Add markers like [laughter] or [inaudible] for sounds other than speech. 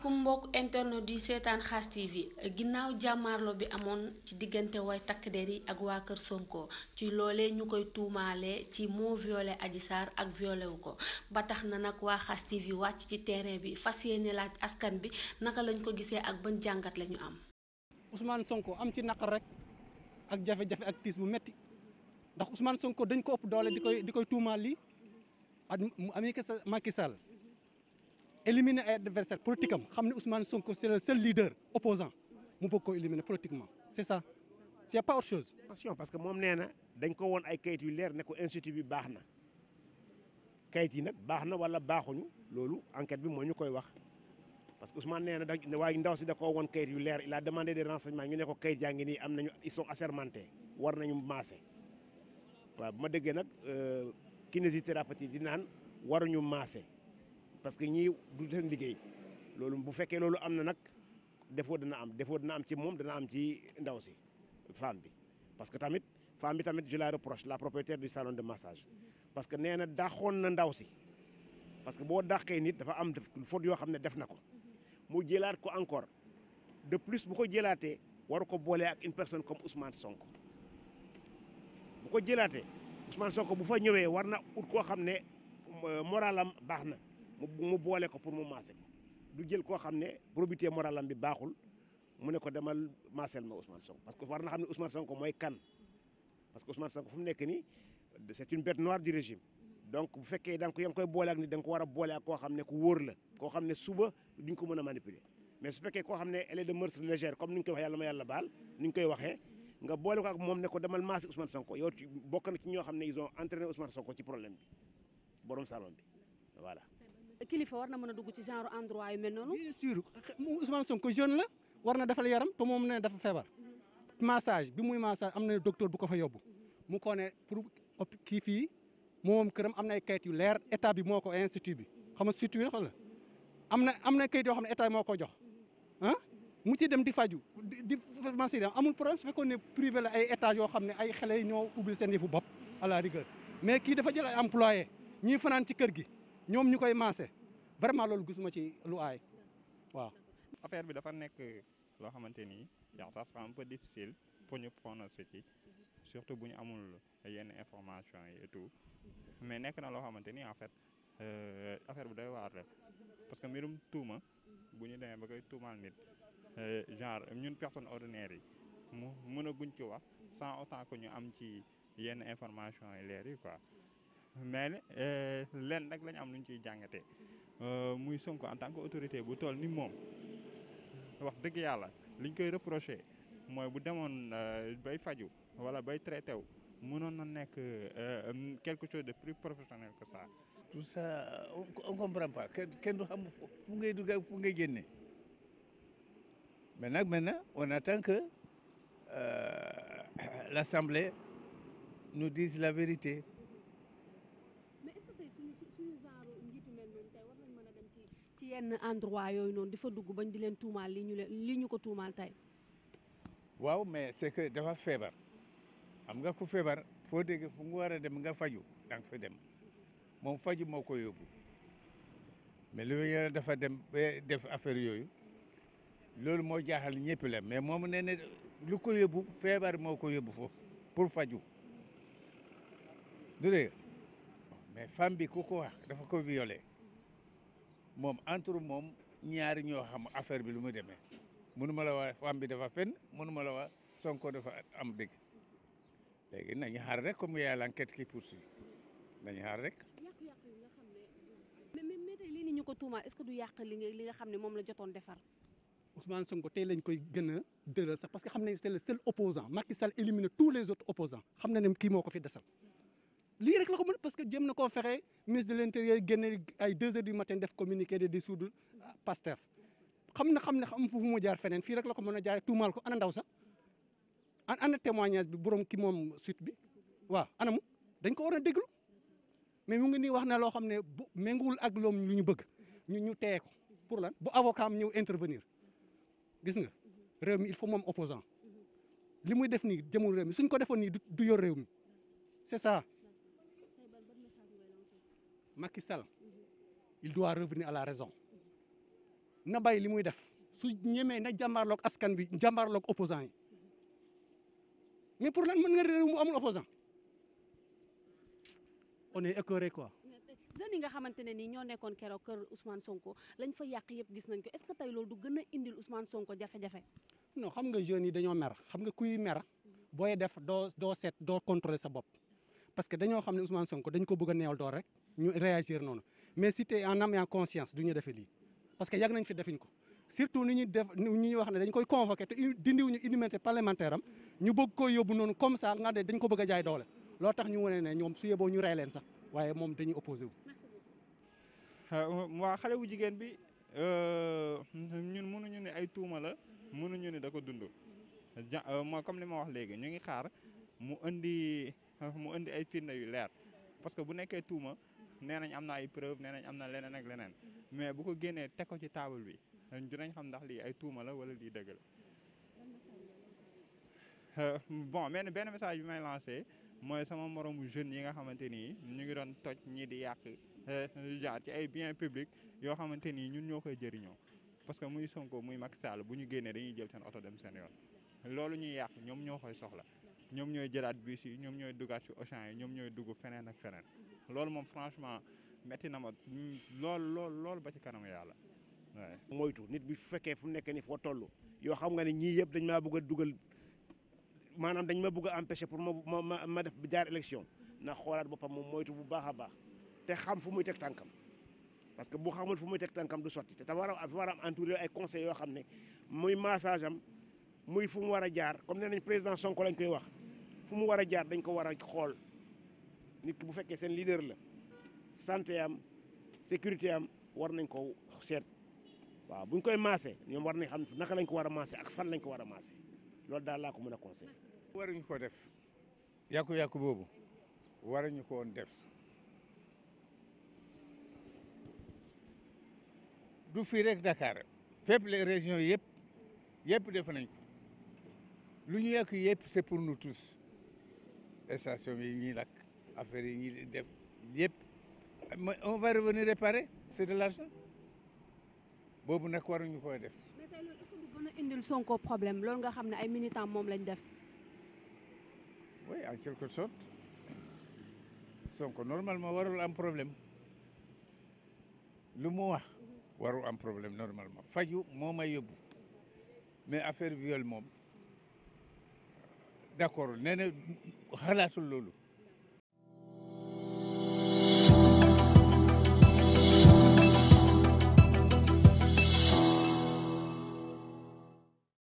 asalaamaaleykum mbokk internet di seetaan xaas TV ginnaaw jàmmaarloo bi amoon ci diggante way takk der yi ak waa kër Sonko ci loolee ñu koy tuumaale ci moo violé Adji ak violewu ko ba tax na nag waa xaas TV wàcc ci terrain bi fas yéene laaj askan bi naka lañ ko gisee ak ban jàngat lañu am. Ousmane Sonko am ci naqar rek ak jafe-jafe ak tiis bu metti ndax Ousmane Sonko dañ ko ëpp doole di koy di koy tuumaal lii ak Macky Sall éliminer ay adversaire politique xam ne Ousmane Sonko c'est le seul leader opposant mu bëgg koo éliminer politiquement c'est ça c'est pas autre chose. attention parce que moom nee na dañ ko woon ay kayit yu leer ne ko institut bi baax na kayit yi nag baax na wala baaxuñu loolu enquête bi moo ñu koy wax parce que Ousmane nee na da waaye ndaw si da koo woon kayit yu leer il a demandé des renseignements ñu ne ko kayit yaa ngi nii am nañu ils sont assermentés war nañu maase waaw bu ma déggee nag euh, kinésithérapeute yi di naan waruñu maase. parce que ñii du seen liggéey loolu bu fekkee loolu am na nag defoo dana am defoo dana am ci moom dana am ci ndaw si femme bi parce que tamit femme bi tamit je la reproche la propriétaire du salon de massage parce que nee na dàqoon na ndaw si parce que boo dàqee nit dafa am faute yoo xam ne def na ko mu jëlaat ko encore de plus bu ko jëlaatee war ko boolee ak une personne comme Ousmane Sonko bu ko jëlaatee Ousmane Sonko bu fa ñëwee war na ut koo xam ne euh, moralam baax na mu boole ko pour mu maase du jël koo xam ne probité moralam bi baaxul mu ne ko demal maasel ma Ousmane Sonko parce que war na xam ne Ousmane Sonko mooy kan parce que Ousmane Sonko fu mu nekk nii c'est une bête noire du régime bu fekkee da nga ko koy boole ni da war a boole ak koo xam ne ku wóor la koo xam ne suba ko mën a manipuler mais su fekkee koo xam ne elle est de mœurs légères comme ni ñu koy waxee yàlla ma yàlla boole ko ak ne ko demal maasi Ousmane Sonko bokk na ci ñoo xam ne ils ont entraîné Ousmane Sonko ci problème bi borom salon bi voilà. kilifa war na mën a dugg ci genre endroit yu mel noonu. bien sûr Ousmane Sonko jeune la war na defal yaram te moom ne dafa feebar. massage bi muy massage am na docteur bu ko fa yóbbu. mu ko ne pour kii fii moom këram am na ay kayit yu leer état bi moo ko institut bi xam nga institut yi la am na am na kayit yoo xam ne état moo ko jox ah. mu ci dem di faju di pharmacie dem amul problème su fekkoon ne privé la ay étage yoo xam ne ay xale yi ñoo ubbil seen yëfu bopp à la rigueur mais kii dafa jël ay employé fanaan ci kër gi. ñoom ñu koy maase vraiment loolu gisuma ci lu aay waaw. affaire bi dafa nekk loo xamante ni yow ça sera un peu difficile pour ñu prononcer ci surtout bu ñu amul yenn information yi et tout mais nekk na loo xamante ni en fait euh, affaire bu day waar rek parce que mbirum tuuma bu ñu demee ba koy tuumaal nit euh, genre ñun personne ordinaire yi mu mën a guñ ci wax sans autant que ñu am ci yenn information yi leer yi quoi. mais euh, leen nag la ñu am lu ñu ciy jàngatee euh, muy Sonko en tant que autorité bu toll ni moom wax dëgg yàlla liñ koy reproché mooy bu demoon euh, bay faju wala bay traité wu mënoon na nekk quelque chose de plus professionnel que ça. tout ça on comprend pas kenn du fu ngay dugg ak fu ngay génne mais nag que euh, [coughs] l'Assemblée nous dise la vérité. suñu genre njiitu ci yenn endroit yooyu noonu di fa dugg bañ di leen tuumaal li ñu leen li ñu ko tuumaal tey. waaw mais c'est que dafa feebar xam nga ku feebar foo dégg fu nga war a dem nga faju da nga dem moom faju moo ko yóbbu mais lu yore dafa dem ba def affaire yooyu loolu moo jaaxal ñëpp mais moom nee ne lu ko yóbbu feebar moo ko yóbbu foofu faju du dégg mais femme bi ku ko wax dafa ko violé moom entre moom ñaari ñoo xam affaire bi lu mu demee mënu ma la wax femme bi dafa fen mënu ma la wax Sonko dafa am dëgg léegi nañu xaar rek comme y'a l'enquête qui poursuit nañu xaar rek. yàqu yi nga xam ne lii ni ñu ko tuumaal est que du yàq li nga li nga xam ne moom la jotoon defar. Ousmane Sonko tey lañ koy gën a dëral sax parce que xam nañ c'est le seul opposant Macky Sall élimine tous les autres opposants xam na ne kii moo ko fi desal. lii rek la ko parce que jéem na koo fexe ministre de l' intérieur génne ay deux heures du matin def communiqué de dissoudre Pastef xam na xam ne xam fu mu jaar feneen fii rek la ko mën a jaaree tuumaal ko ana ndaw sax an ana témoignage bi borom ki moom suite bi waaw ana mu dañ ko war a déglu mais mu ngi ni wax na loo xam ne bu méngoowul ak loom lu ñu bëgg ñu ñu téye ko pour lan bu avocat am ñëw intervenir gis nga réew mi il faut moom opposant li muy def nii jëmul réew mi suñ ko defoon nii du yor réew mi c'est ça Macky Sall il doit revenir à la raison na bay li muy def su ñemee na jàmbaarloog askan bi jambarlook opposant yi mais pour lan mën nga réew mu amul opposant on est écœuré quoi. yi nga xamante ne nii ñoo nekkoon keroog kër Ousmane Sonko lañ fa yàq yëpp gis nañ ko est-ce que tey loolu du gën a indil Ousmane Sonko jafe-jafe. non xam nga jeunes yi dañoo mer xam nga kuy mer booy def doo doo seet doo contrôler sa bopp parce que dañoo xam ne Ousmane Sonko dañ ko bëgg a rek. ñu réagir noonu mais si tey en âme et en conscience du ñu defee lii parce que yàgg nañ fi defiñ ko surtout ni ñu def ñuy wax ne dañ koy convoqué te dindiwuñu immunité parlementaire am ñu bëgg koy yóbbu noonu comme ça nga ne dañ ko bëgg a jaay doole loo tax ñu wane ne ñoom su yeboo ñu rey leen sax waaye moom dañuy opposé wu euh, waa xale bu jigéen bi euh, ñun mënuñu ne ay tuuma la mënuñu ne da ko dund euh, moo comme li ma wax léegi ñu ngi xaar mu indi mu indi ay firnde yu leer parce que bu nekkee tuuma nee nañ am na ay preuve nee nañ am na leneen ak leneen mhm. mais bu ko génnee teg ko ci taabal bi dinañ xam ndax lii ay tuuma la wala lii dëgg la. Euh, bon benn benn message bi may lancé mooy sama moromu jeunes yi nga xamante ni ñu ngi doon toj ñii di yàq euh, jaar ci ay biens publics yoo xamante ni ñun ñoo koy jëriñoo parce que muy Sonko muy mag Sall bu ñu génnee dañuy jël seen oto dem seen yoon loolu ñuy yàq ñoom ñoo koy soxla. ñoom ñooy jëlaat bus yi ñoom ñooy duggaat ci Auchan yi ñoom ñooy dugg feneen ak feneen loolu moom franchement metti na ma lool lool lool ba ci kanam yàlla waaw. moytu nit bi fu fekkee fu mu nekk nii foo toll yoo xam nga ne ñii yëpp dañ maa bëgg a dugal maanaam dañ ma bugg a empêcher pour ma ma ma def jaar élection na xoolaat boppam moom moytu bu baax a baax te xam fu muy teg tànkam. parce que bu xamul fu muy teg tànkam du sotti te tam war a war a am ay conseils yoo xam ne muy massage am muy fu mu war a jaar comme ne nañ président Sonko lañ koy wax. fu mu war a jaar dañ ko war a xool nit ki bu fekkee seen leader la santé am sécurité am war nañ ko seet waaw buñ koy maasee ñoom war nañ xam naka lañ ko war a maasee ak fan lañ ko war a maasee loolu daal laa ko mën a conseillé. waruñu ko def yàqu-yàqu boobu waruñu ko woon def du fii rek Dakar fépp le région yëpp yëpp def nañ lu ñu yàq yëpp c'est pour nous station yi ñuy lakk affaire yi ñuy def yëpp on va revenir réparer c' est de l' boobu nag waruñu koy def. indil Sonko problème loolu nga xam ne ay militants moom lañ def. oui en quelque sorte Sonko normalement warul am problème lu mu wax. waru am problème normalement faju moo may yóbbu mais affaire viol moom. d'accord nee na xalaatul loolu